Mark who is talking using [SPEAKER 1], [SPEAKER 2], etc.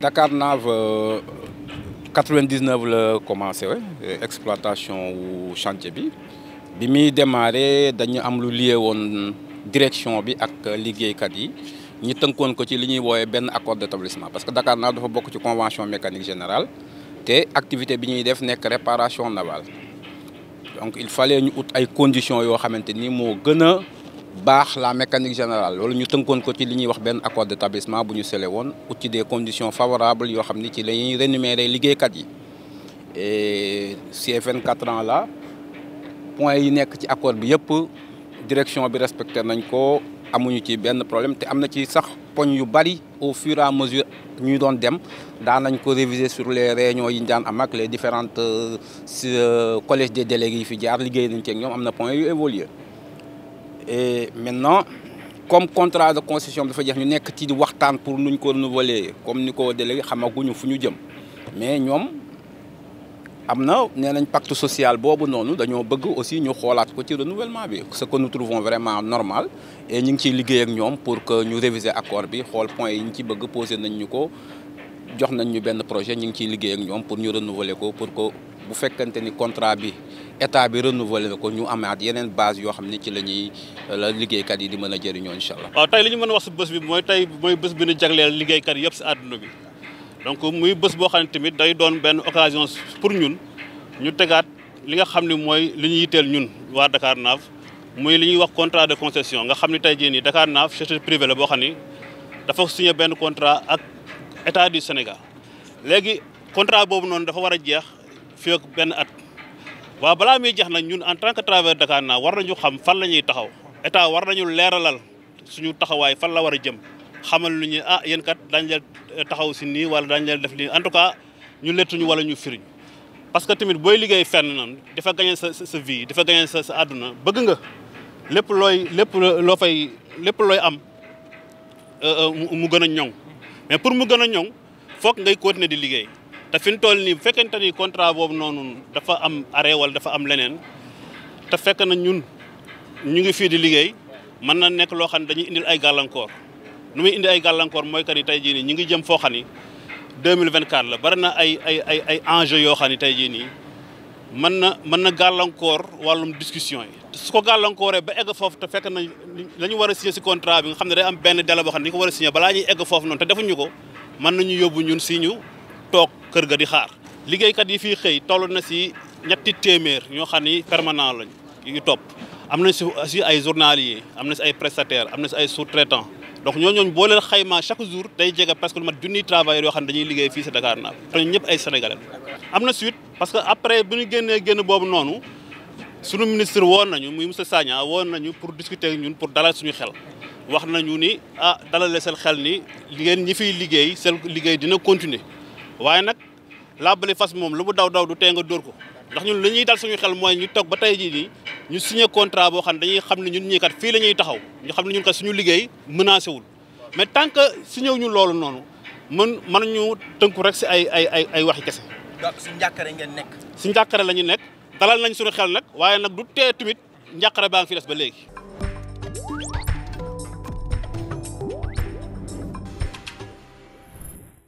[SPEAKER 1] Dakarnave euh, 99 la commencé ouais, exploitation wu chantier bi bi muy démarré dañu am lu lié woon direction bi ak liggéeykat yi ñu tënkoon ko ci li ñuy woowee benn accord d'établissement parce que Dakarnave dafa bokk ci convention mécanique général te activité bi ñuy def nekk réparation navale donc il fallait ñu ut ay conditions yoo xamante ni moo gën a baax la mécanique générale loolu ñu tënkoon ko ci li ñuy wax benn accord d'établissement bu ñu sele woon ut ci des conditions favorables yoo xam ni ci lañuy ñuy rémunérer liggéeykat yi et ces vingt quatre ans la points yi nekk ci accord bi yëpp direction bi respecter nañ ko amuñu ci benn problème te am na ci sax poñ yu bari au fur à mesure ñuy doon dem daan nañ ko réviser sur les réunions yi ñu daan am ak les différentes euh, collèges des délégués yi fi jaar liggéey nañ ci ñoom am na points yu et maintenant comme contrat de concession bi dafa jeex ñu nekk ci waxtaan pour nuñ ko renouveler comme ni ko délégué xamaguñu fu ñu jëm mais ñoom am na nee nañ pacte social boobu noonu dañoo bëgg aussi ñu xoolaat ko ci renouvellement bi ce que nous trouvons vraiment normal et ñu ngi ciy liggéey ak ñoom pour que ñu réviser accord bi xool point yi ñu ci bëgg posé nañ ñu ko jox nañ ñu benn projet ñu ngi ciy liggéey ak ñoom pour ñu renouveler ko pour que bu fekkante ni contrat bi état bi renouvelé ko ñu amaat yeneen base yoo xam ne ci la ñuy la yi di mën a jëriñoo incha allah.
[SPEAKER 2] waaw tey li ñu mën a wax si bés bi mooy tey mooy bés bi ñu jagleel liggéeykat yëpp si àdduna bi donc muy bës boo xam ne tamit day doon benn occasion pour ñun ñu tegaat li nga xam ne mooy li ñu yitteel ñun waa Dakarnave muy li ñuy wax contrat de concession nga xam ne tey jii nii Dakarnave société privée la boo xam ne dafa signé benn contrat ak état du Sénégal léegi contrat boobu noonu dafa war a jeex fii benn at. waaw balaa muy jeex na ñun en tant que Travers Dakarnaa war nañu xam fan la ñuy taxaw état war nañu leeralal suñu taxawaay fan la war a jëm xamal lu ñu ah yéen kat daañu eh, taxaw si nii wala daañu leen def lii en tout cas ñu letuñu wala ñu firiñ parce que tamit booy liggéey fenn nan dafa gagné sa sa vie dafa gagné sa sa àdduna bëgg nga lépp looy lépp loo fay lépp looy am eh, eh, mu gën a ñoŋ mais pour mu gën a ñoŋ foog ngay continuer di liggéey. te fi toll nii bu fekkente ni contrat boobu noonu dafa am arrêt wala dafa am leneen te fekk na ñun ñu ngi fii di liggéey mën na nekk loo xam ne dañuy indil ay gàllankoor nu muy indi ay gàllankoor mooy que ni tey jii nii ñu ngi jëm foo xam ni 2024 la bari na ay ay ay ay yoo xam ni tey jii nii mën na mën na gàllankoor wàllum discussion yi. su ko gàllankooree ba egg foofu te fekk na la ñu war a signé si contrat bi nga xam ne day am benn délai boo xam ne dañu ko war a signé balaa ñuy egg foofu noonu te ko mën nañu ñun si ñu. kër ga di xaar liggéeykat yi fii xëy toll na si ñetti téeméer ñoo xam ni permanent lañ yu topp am na si aussi ay journaliers am na si ay prestataires am na si ay sous-traitants donc ñoo ñooñ boo leen xaymaa chaque jour day jege presque lu mat junniy travailleurs yoo xam ne dañuy liggéey fii si Dakar naaf te ñun ñëpp ay sénégalais am na suite parce que après bu ñu génnee génn boobu noonu suñu ministre woon nañu muy monsieur Sagna woon nañu pour discuter ñu pour dalal suñu xel wax nañu ni ah dalalee seen xel ni ngeen ñi fiy liggéey seen liggéey dina continuer waaye nag laabali fas moom lu mu daw daw du tee nga dóor ko ndax ñun li ñuy dal suñu xel mooy ñu toog ba tey jii nii ñu signé contrat boo xam dañuy xam ne ñun ñii kat fii la ñuy taxaw ñu xam ne ñun kat suñu liggéey menacé wul mais tant que signé ñu loolu noonu mën mën ñu tënku rek si ay ay ay ay waxi kese. donc si njàkkare ngeen nekk. si njàkkare la ñu nekk dalal nañ suñu xel nag waaye nag du tee tamit njàkkare baa ngi fi des ba léegi.